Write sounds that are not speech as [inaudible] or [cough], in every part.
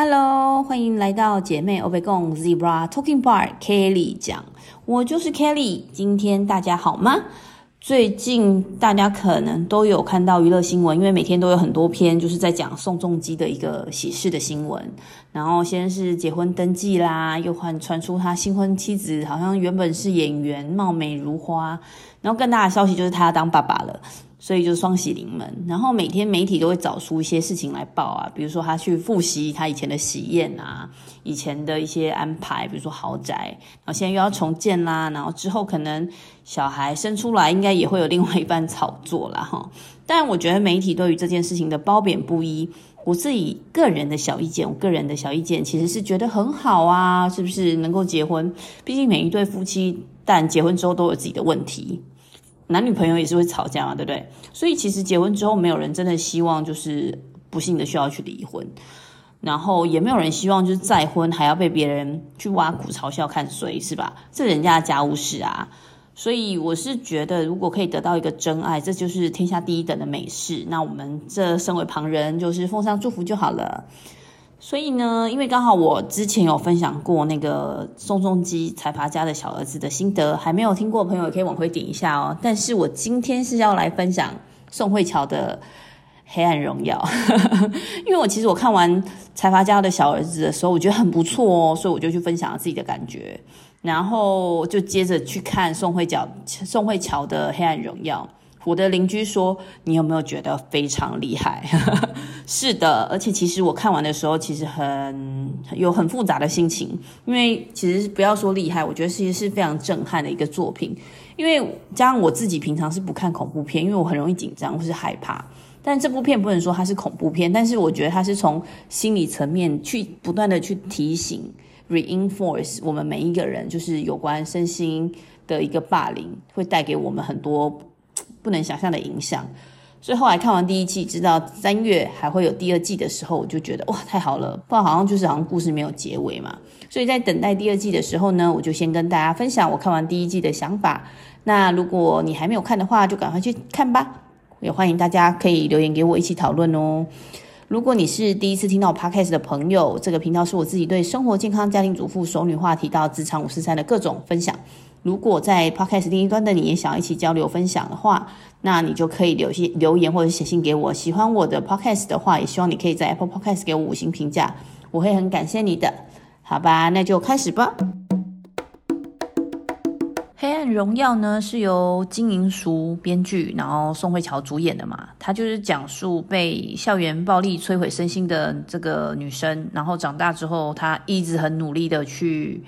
Hello，歡迎來到姐妹歐北共 Zebra Talking Bar。Kelly 講，我就是 Kelly。今天大家好嗎？嗯、最近大家可能都有看到娛樂新聞，因為每天都有很多篇，就是在講宋仲基的一個喜事的新聞。然後先是結婚登記啦，又換傳出他新婚妻子好像原本是演員，貌美如花。然後更大的消息就是他要當爸爸了。所以就是雙喜臨門，然後每天媒體都會找出一些事情來報啊，比如說他去複習他以前的喜宴啊，以前的一些安排，比如說豪宅，然後現在又要重建啦，然後之後可能小孩生出來，應該也會有另外一番炒作啦。哈。但我覺得媒體對於這件事情的褒貶不一，我自己個人的小意見，我個人的小意見其實是覺得很好啊，是不是能夠結婚？畢竟每一對夫妻，但結婚之後都有自己的問題。男女朋友也是會吵架嘛，對不對？所以其實結婚之後，沒有人真的希望就是不幸的需要去離婚，然後也沒有人希望就是再婚還要被別人去挖苦嘲笑，看衰，是吧？這是人家的家務事啊。所以我是覺得，如果可以得到一個真愛，這就是天下第一等的美事。那我們這身為旁人，就是奉上祝福就好了。所以呢，因為剛好我之前有分享過那個宋仲基《財閥家的小兒子》的心得，還沒有聽過朋友也可以往回點一下哦。但是我今天是要來分享宋慧喬的《黑暗榮耀，》 [laughs] 因為我其實我看完《財閥家的小兒子》的時候，我覺得很不錯哦，所以我就去分享了自己的感覺，然後就接着去看宋慧喬《宋慧喬的黑暗榮耀》。我的鄰居說：“你有沒有覺得非常厲害？” [laughs] 是的，而且其實我看完的時候，其實很有很複雜的心情，因為其實不要說厲害，我覺得其實是非常震撼的一個作品。因為加上我自己平常是不看恐怖片，因為我很容易緊張或是害怕。但這部片不能說它是恐怖片，但是我覺得它是從心理層面去不斷的去提醒，reinforce 我們每一個人，就是有關身心的一個霸凌會帶給我們很多。不能想象的影響，所以後來看完第一季，知道三月還會有第二季的時候，我就覺得哇，太好了！不然好像就是好像故事沒有結尾嘛。所以在等待第二季的時候呢，我就先跟大家分享我看完第一季的想法。那如果你還沒有看的話，就趕快去看吧。也歡迎大家可以留言給我一起討論哦。如果你是第一次聽到我 Podcast 的朋友，這個頻道是我自己對生活、健康、家庭主婦、熟女話題到職場、五十三的各種分享。如果在 Podcast 另一端的你也想一起交流分享的話，那你就可以留些留言或者寫信給我。喜歡我的 Podcast 的話，也希望你可以在 Apple Podcast 給我五星評價，我會很感謝你的。好吧，那就開始吧。《黑暗榮耀》呢是由金銀淑編劇，然後宋慧喬主演的嘛。她就是講述被校園暴力摧毀身心的這個女生，然後長大之後，她一直很努力的去。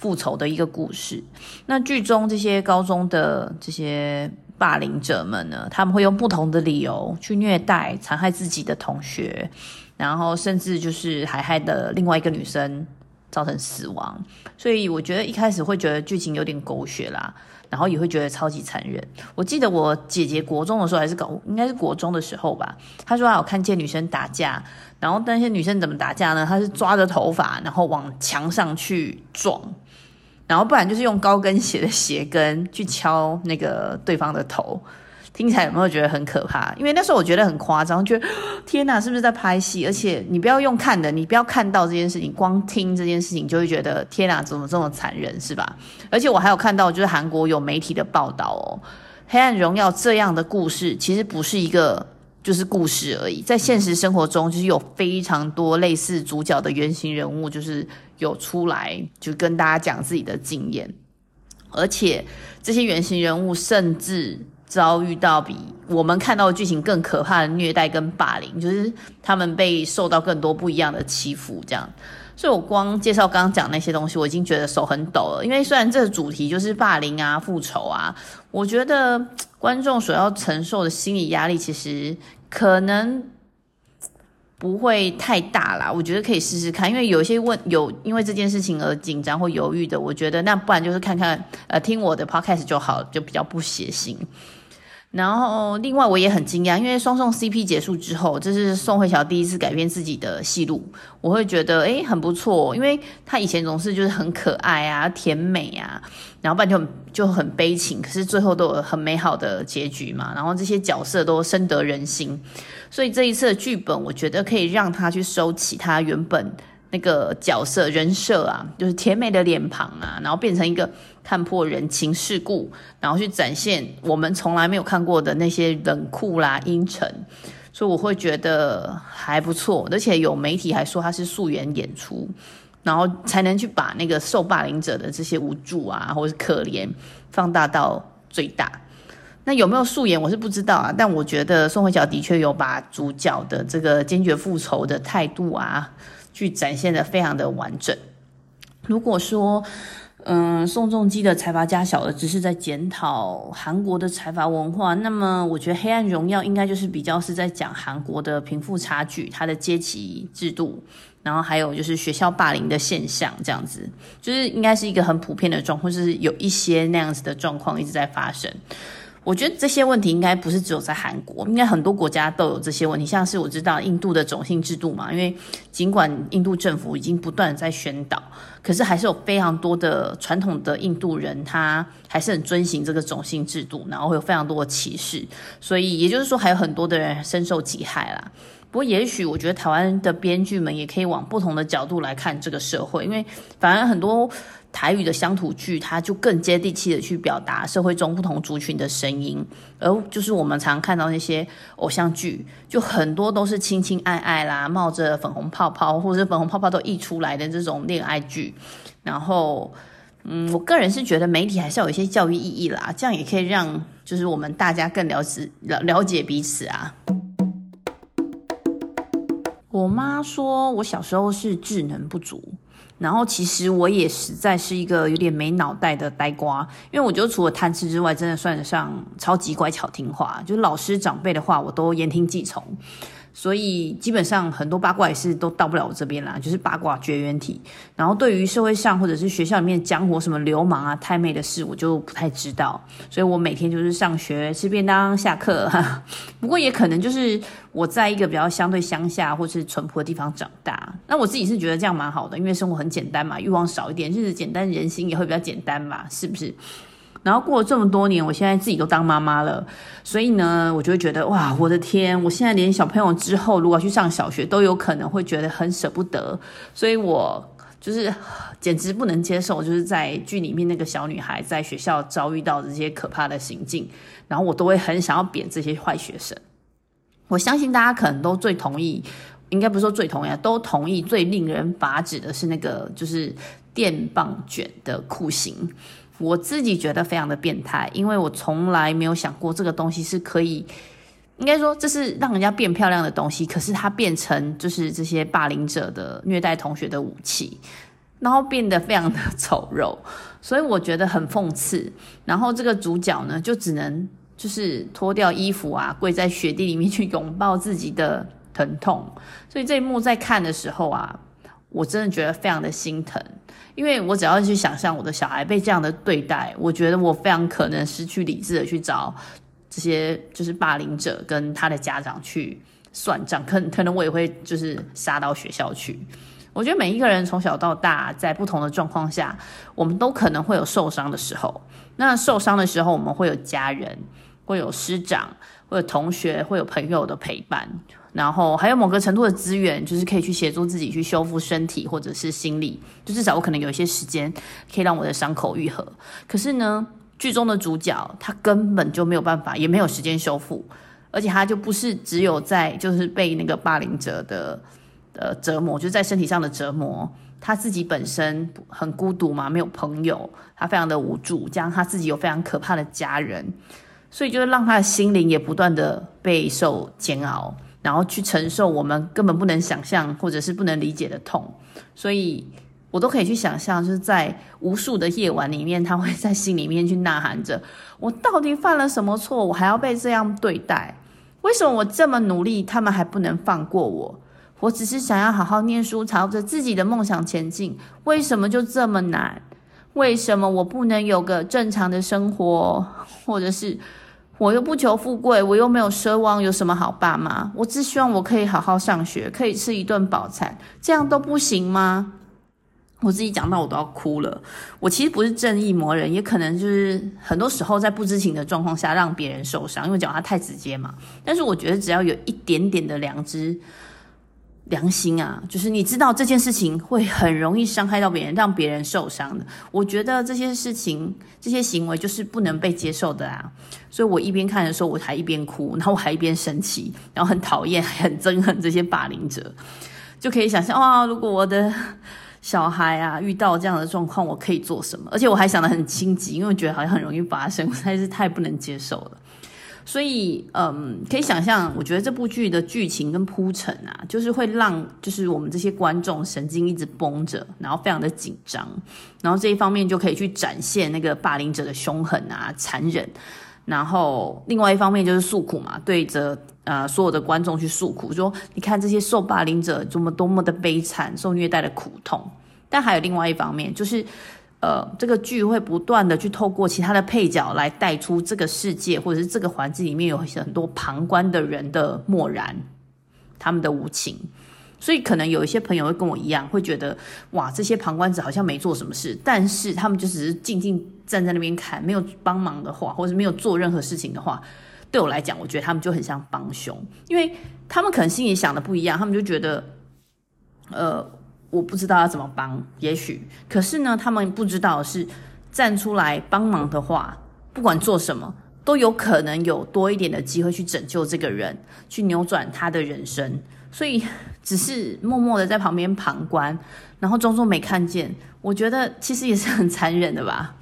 復仇的一個故事。那劇中這些高中的這些霸凌者們呢？他們會用不同的理由去虐待、殘害自己的同學，然後甚至就是還害的另外一個女生造成死亡。所以我覺得一開始會覺得劇情有點狗血啦，然後也會覺得超級殘忍。我記得我姐姐國中的時候還是搞，應該是國中的時候吧。她說她有看見女生打架，然後那些女生怎麼打架呢？她是抓着頭髮，然後往牆上去撞。然後不然就是用高跟鞋的鞋跟去敲那個對方的頭，聽起來有沒有覺得很可怕？因為那時候我覺得很誇張，覺得天哪，是不是在拍戲？而且你不要用看的，你不要看到這件事情，光聽這件事情就會覺得天哪，怎麼這麼殘忍，是吧？而且我還有看到，就是韓國有媒體的報道哦，黑暗榮耀這樣的故事其實不是一個就是故事而已，在現實生活中就是有非常多類似主角的原型人物，就是。有出來就跟大家講自己的經驗，而且這些原型人物甚至遭遇到比我們看到的劇情更可怕的虐待跟霸凌，就是他們被受到更多不一樣的欺負，這樣。所以我光介紹剛剛講那些東西，我已經覺得手很抖了，因為雖然這個主題就是霸凌啊、復仇啊，我覺得觀眾所要承受的心理壓力其實可能。不會太大啦，我覺得可以試試看，因為有些問有因為這件事情而緊張或猶豫的，我覺得那不然就是看看呃聽我的 podcast 就好，就比較不血腥。然後，另外我也很驚訝，因為雙宋 CP 結束之後，這是宋慧喬第一次改變自己的戲路，我會覺得誒很不錯，因為她以前總是就是很可愛啊、甜美啊，然後不然就就很悲情，可是最後都有很美好的結局嘛，然後這些角色都深得人心，所以這一次的劇本我覺得可以讓她去收起她原本。那個角色人設啊，就是甜美的臉龐啊，然後變成一個看破人情世故，然後去展現我們從來沒有看過的那些冷酷啦、陰沉，所以我會覺得還不錯。而且有媒體還說他是素顏演出，然後才能去把那個受霸凌者的這些無助啊，或者是可憐放大到最大。那有沒有素顏，我是不知道啊，但我覺得宋慧喬的確有把主角的這個堅決復仇的態度啊。去展現得非常的完整。如果說，嗯，宋仲基的財閥家小的只是在檢討韓國的財閥文化，那麼我覺得《黑暗榮耀》應該就是比較是在講韓國的貧富差距、它的階級制度，然後還有就是學校霸凌的現象，這樣子就是應該是一個很普遍的狀況，就是有一些那樣子的狀況一直在發生。我覺得這些問題應該不是只有在韓國，應該很多國家都有這些問題。像是我知道印度的種姓制度嘛，因為儘管印度政府已經不斷在宣導，可是還是有非常多的傳統的印度人，他還是很遵循這個種姓制度，然後會有非常多的歧視。所以也就是說，還有很多的人深受其害啦。不過也許我覺得台灣的編劇們也可以往不同的角度來看這個社會，因為反而很多。台語的鄉土劇，它就更接地氣的去表達社會中不同族群的聲音，而就是我們常看到那些偶像劇，就很多都是親親愛愛啦，冒着粉紅泡泡或者是粉紅泡泡都溢出來的這種戀愛劇。然後，嗯，我個人是覺得媒體還是要有一些教育意義啦，這樣也可以讓就是我們大家更了解了了解彼此啊。我媽說我小時候是智能不足。然後其實我也實在是一個有點沒腦袋的呆瓜，因為我覺得除了貪吃之外，真的算得上超級乖巧聽話，就是老師長輩的話我都言聽計從。所以基本上很多八卦也是都到不了我這邊啦，就是八卦絕緣體。然後對於社會上或者是學校裡面江湖什麼流氓啊、太妹的事，我就不太知道。所以我每天就是上學、吃便當、下課。 [laughs] 不過也可能就是我在一個比較相對鄉下或是淳樸的地方長大。那我自己是覺得這樣蠻好的，因為生活很簡單嘛，慾望少一點，日子簡單，人心也會比較簡單嘛，是不是？然後過了這麼多年，我現在自己都當媽媽了，所以呢，我就會覺得哇，我的天，我現在連小朋友之後如果去上小學都有可能會覺得很捨不得，所以我就是簡直不能接受，就是在劇裡面那個小女孩在學校遭遇到的這些可怕的行徑，然後我都會很想要扁這些壞學生。我相信大家可能都最同意，應該不是說最同意啊，都同意最令人發指的是那個就是電棒捲的酷刑。我自己覺得非常的變態，因為我從來沒有想過這個東西是可以，應該說這是讓人家變漂亮的東西，可是它變成就是這些霸凌者的虐待同學的武器，然後變得非常的醜陋，所以我覺得很諷刺。然後這個主角呢，就只能就是脫掉衣服啊，跪在雪地裡面去擁抱自己的疼痛，所以這一幕在看的時候啊。我真的覺得非常的心疼，因為我只要去想象我的小孩被這樣的對待，我覺得我非常可能失去理智的去找這些就是霸凌者跟他的家長去算賬，可能可能我也會就是殺到學校去。我覺得每一個人從小到大，在不同的狀況下，我們都可能會有受傷的時候。那受傷的時候，我們會有家人，會有師長，會有同學，會有朋友的陪伴。然後還有某個程度的資源，就是可以去協助自己去修復身體或者是心理，就至少我可能有一些時間可以讓我的傷口愈合。可是呢，劇中的主角他根本就沒有辦法，也沒有時間修復，而且他就不是只有在就是被那個霸凌者的呃折磨，就是在身體上的折磨，他自己本身很孤獨嘛，沒有朋友，他非常的無助，加上他自己有非常可怕的家人，所以就是讓他的心靈也不斷的備受煎熬。然後去承受我們根本不能想象或者是不能理解的痛，所以我都可以去想象，就是在無數的夜晚裡面，他會在心裡面去吶喊着：我到底犯了什麼錯？我還要被這樣對待？為什麼我這麼努力，他們還不能放過我？我只是想要好好念書，朝着自己的夢想前進，為什麼就這麼難？為什麼我不能有個正常的生活，或者是？我又不求富貴，我又沒有奢望，有什麼好爸媽？我只希望我可以好好上學，可以吃一頓飽餐，這樣都不行嗎？我自己講到我都要哭了。我其實不是正義魔人，也可能就是很多時候在不知情的狀況下讓別人受傷，因為講話太直接嘛。但是我覺得只要有一點點的良知，良心啊，就是你知道這件事情會很容易傷害到別人，讓別人受傷的。我覺得這些事情、這些行為就是不能被接受的啊。所以我一邊看的時候，我還一邊哭，然後我還一邊生氣，然後很討厭、還很憎恨這些霸凌者。就可以想象，哇、哦，如果我的小孩啊遇到這樣的狀況，我可以做什麼？而且我還想得很心急，因為我覺得好像很容易發生，實在是太不能接受了。所以，嗯，可以想象，我覺得這部劇的劇情跟鋪陳啊，就是會讓就是我們這些觀眾神經一直繃着，然後非常的緊張，然後這一方面就可以去展現那個霸凌者的兇狠啊、殘忍，然後另外一方面就是訴苦嘛，對着呃所有的觀眾去訴苦，說你看這些受霸凌者多麼多麼的悲慘，受虐待的苦痛，但還有另外一方面就是。呃，這個劇會不斷的去透過其他的配角來帶出這個世界，或者是這個環境裡面有很多旁觀的人的漠然，他們的無情。所以可能有一些朋友會跟我一樣，會覺得哇，這些旁觀者好像沒做什麼事，但是他們就只是靜靜站在那邊看，沒有幫忙的話，或者是沒有做任何事情的話，對我來講，我覺得他們就很像幫凶，因為他們可能心裡想的不一樣，他們就覺得，呃。我不知道要怎麼幫，也許，可是呢，他們不知道是站出來幫忙的話，不管做什麼都有可能有多一點的機會去拯救這個人，去扭轉他的人生。所以只是默默的在旁邊旁觀，然後裝作沒看見。我覺得其實也是很殘忍的吧。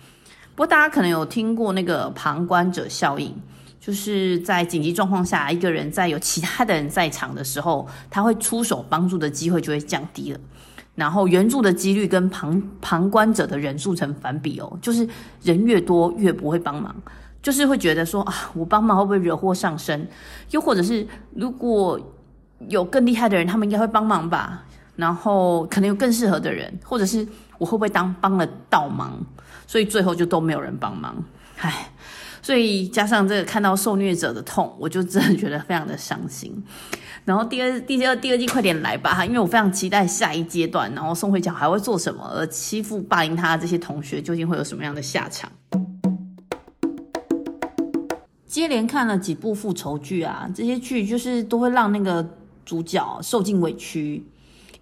不過大家可能有聽過那個旁觀者效應，就是在緊急狀況下，一個人在有其他的人在場的時候，他會出手幫助的機會就會降低了。然後援助的幾率跟旁旁觀者的人數成反比哦，就是人越多越不會幫忙，就是會覺得說啊，我幫忙會不會惹禍上身？又或者是如果有更厲害的人，他們應該會幫忙吧？然後可能有更適合的人，或者是我會不會當幫了倒忙？所以最後就都沒有人幫忙，唉，所以加上這個看到受虐者的痛，我就真的覺得非常的傷心。然後第二、第二、第二季快點來吧，因為我非常期待下一階段。然後宋慧喬還會做什麼？而欺負、霸凌她的這些同學究竟會有什麼樣的下場？接連看了幾部復仇劇啊，這些劇就是都會讓那個主角受盡委屈，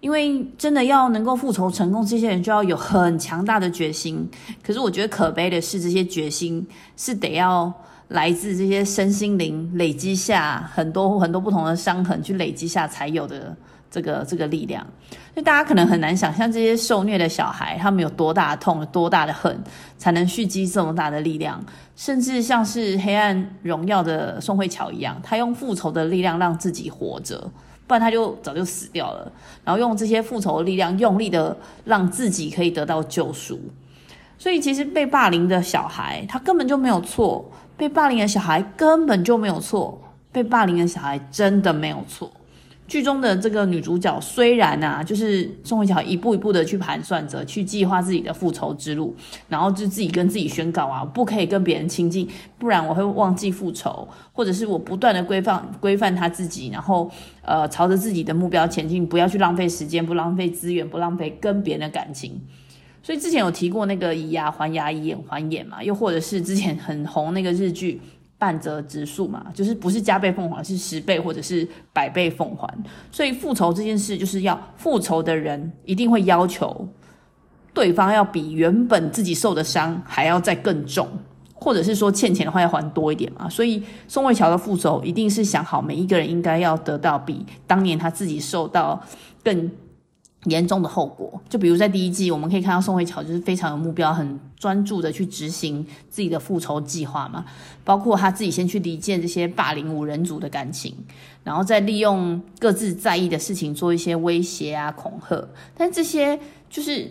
因為真的要能夠復仇成功，這些人就要有很強大的決心。可是我覺得可悲的是，這些決心是得要。來自這些身心靈累積下很多很多不同的傷痕，去累積下才有的這個這個力量。所以大家可能很難想象，這些受虐的小孩，他們有多大的痛，多大的恨，才能蓄積這麼大的力量？甚至像是《黑暗榮耀》的宋慧喬一樣，他用復仇的力量讓自己活着，不然他就早就死掉了。然後用這些復仇的力量，用力的讓自己可以得到救贖。所以其實被霸凌的小孩，他根本就沒有錯。被霸凌的小孩根本就沒有錯，被霸凌的小孩真的沒有錯。劇中的這個女主角雖然啊，就是宋慧喬一步一步的去盤算着，去計劃自己的復仇之路，然後就自己跟自己宣告啊，不可以跟別人親近，不然我會忘記復仇，或者是我不斷的規範規範她自己，然後呃朝着自己的目標前進，不要去浪費時間，不浪費資源，不浪費跟別人的感情。所以之前有提過那個以牙還牙、以眼還眼嘛，又或者是之前很紅那個日劇半澤直樹嘛，就是不是加倍奉還，是十倍或者是百倍奉還。所以復仇這件事就是要復仇的人一定會要求對方要比原本自己受的傷還要再更重，或者是說欠錢的話要還多一點嘛。所以宋慧喬的復仇一定是想好每一個人應該要得到比當年他自己受到更。嚴重的後果，就比如在第一季，我們可以看到宋慧喬就是非常有目標、很專注的去執行自己的復仇計劃嘛。包括他自己先去離間這些霸凌五人組的感情，然後再利用各自在意的事情做一些威脅啊、恐嚇。但這些就是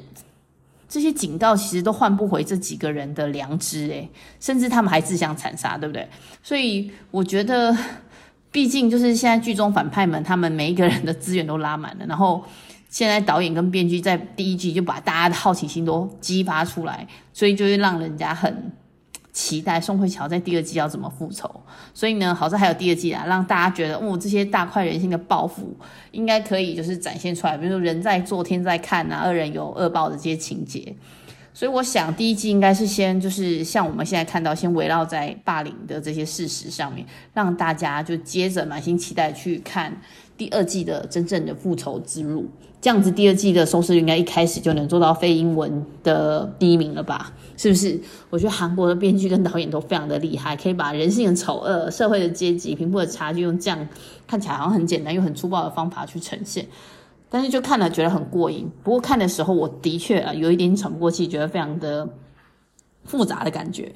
這些警告，其實都換不回這幾個人的良知誒、欸，甚至他們還自相殘殺，對不對？所以我覺得，畢竟就是現在劇中反派們，他們每一個人的資源都拉滿了，然後。現在導演跟編劇在第一季就把大家的好奇心都激發出來，所以就會讓人家很期待宋慧喬在第二季要怎麼復仇。所以呢，好在還有第二季啊，讓大家覺得哦，這些大快人心的報復應該可以就是展現出來，比如說人在做，天在看啊，惡人有惡報的這些情節。所以我想第一季應該是先就是像我們現在看到，先圍繞在霸凌的這些事實上面，讓大家就接着滿心期待去看第二季的真正的復仇之路，這樣子第二季的收視率應該一開始就能做到非英文的第一名了吧？是不是？我覺得韓國的編劇跟導演都非常的厲害，可以把人性的醜惡、社會的階級、貧富的差距用這樣看起來好像很簡單又很粗暴的方法去呈現，但是就看了覺得很過癮。不過看的時候，我的確啊，有一點喘不過氣，覺得非常的複雜的感覺。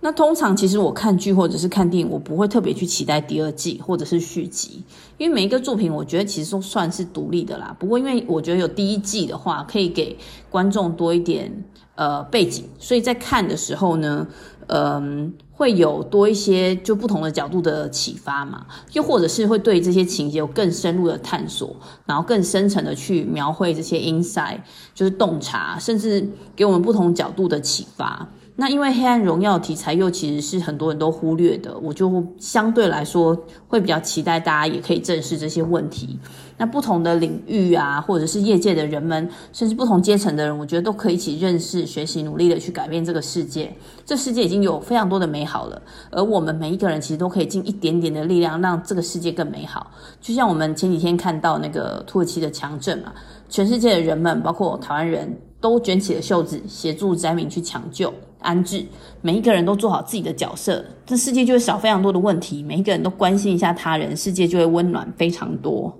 那通常其實我看劇或者是看電影，我不會特別去期待第二季或者是續集，因為每一個作品我覺得其實都算是獨立的啦。不過因為我覺得有第一季的話，可以給觀眾多一點呃背景，所以在看的時候呢，嗯，會有多一些就不同的角度的啟發嘛，又或者是會對這些情節有更深入的探索，然後更深層的去描繪這些 insight, 就是洞察，甚至給我們不同角度的啟發。那因為黑暗榮耀的題材又其實是很多人都忽略的，我就相對來說會比較期待大家也可以正視這些問題。那不同的領域啊，或者是業界的人們，甚至不同階層的人，我覺得都可以一起認識、學習、努力的去改變這個世界。這世界已經有非常多的美好了，而我們每一個人其實都可以盡一點點的力量，讓這個世界更美好。就像我們前幾天看到那個土耳其的強震嘛，全世界的人們，包括台灣人。都捲起了袖子，協助災民去搶救、安置，每一個人都做好自己的角色，這世界就會少非常多的問題。每一個人都關心一下他人，世界就會溫暖非常多。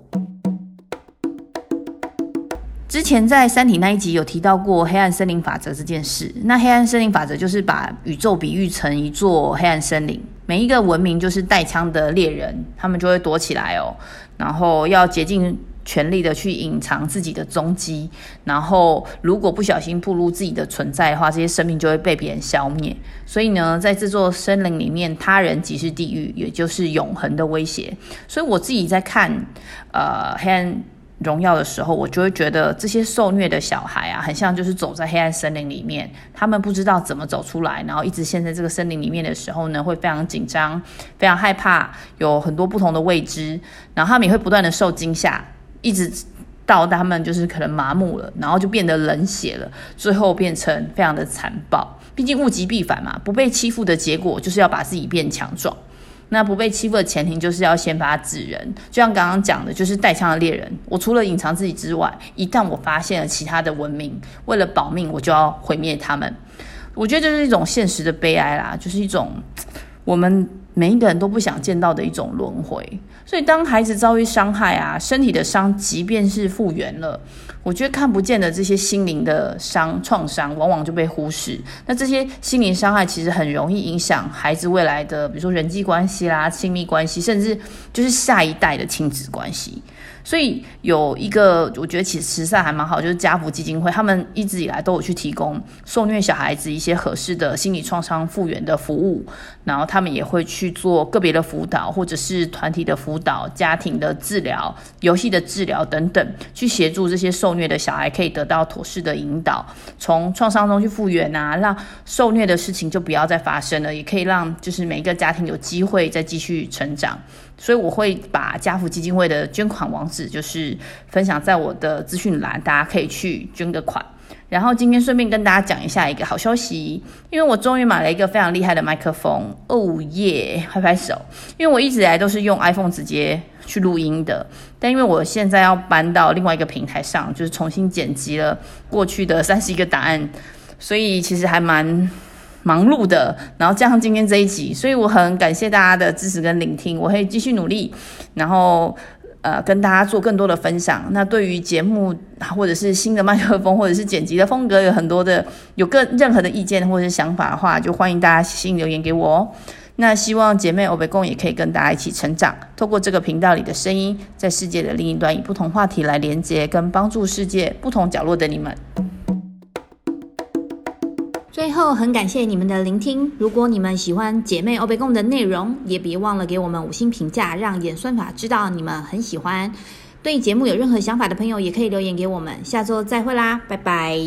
之前在《三體》那一集有提到過“黑暗森林法則”這件事，那“黑暗森林法則”就是把宇宙比喻成一座黑暗森林，每一個文明就是帶槍的獵人，他們就會躲起來哦，然後要接近。全力的去隱藏自己的蹤跡，然後如果不小心暴露自己的存在的話，這些生命就會被別人消滅。所以呢，在這座森林裡面，他人即是地獄，也就是永恆的威脅。所以我自己在看呃《黑暗榮耀》的時候，我就會覺得這些受虐的小孩啊，很像就是走在黑暗森林裡面，他們不知道怎麼走出來，然後一直陷在這個森林裡面的時候呢，會非常緊張，非常害怕，有很多不同的未知，然後他們也會不斷的受驚嚇。一直到他們就是可能麻木了，然後就變得冷血了，最後變成非常的殘暴。畢竟物極必反嘛，不被欺負的結果就是要把自己變強壯。那不被欺負的前提就是要先發制人，就像剛剛講的，就是帶槍的獵人。我除了隱藏自己之外，一旦我發現了其他的文明，為了保命，我就要毀滅他們。我覺得這是一種現實的悲哀啦，就是一種我們。每一個人都不想見到的一種輪迴，所以當孩子遭遇傷害啊，身體的傷，即便是復原了，我覺得看不見的這些心靈的傷、創傷，往往就被忽視。那這些心靈傷害其實很容易影響孩子未來的，比如說人際關係啦、親密關係，甚至就是下一代的親子關係。所以有一個，我覺得其實慈善還蠻好，就是家扶基金會，他們一直以來都有去提供受虐小孩子一些合適的心理創傷復原的服務，然後他們也會去做個別的輔導，或者是團體的輔導、家庭的治療、遊戲的治療等等，去協助這些受虐的小孩可以得到妥適的引導，從創傷中去復原啊，讓受虐的事情就不要再發生了，也可以讓就是每一個家庭有機會再繼續成長。所以我會把家扶基金會的捐款網址，就是分享在我的資訊欄，大家可以去捐個款。然後今天順便跟大家講一下一個好消息，因為我終於買了一個非常厲害的麥克風，哦耶，拍拍手！因為我一直以來都是用 iPhone 直接去錄音的，但因為我現在要搬到另外一個平台上，就是重新剪輯了過去的三十一個答案，所以其實還蠻忙碌的。然後加上今天這一集，所以我很感謝大家的支持跟聆聽，我會繼續努力，然後。呃，跟大家做更多的分享。那對於節目，或者是新的麥克風，或者是剪輯的風格，有很多的有各任何的意見或者是想法的話，就歡迎大家私信留言給我哦。那希望姐妹歐北共也可以跟大家一起成長，透過這個頻道裡的聲音，在世界的另一端，以不同話題來連接跟幫助世界不同角落的你們。最後，很感謝你們的聆聽。如果你們喜歡姐妹歐北共的內容，也別忘了給我們五星評價，讓演算法知道你們很喜歡。對節目有任何想法的朋友，也可以留言給我們。下週再會啦，拜拜。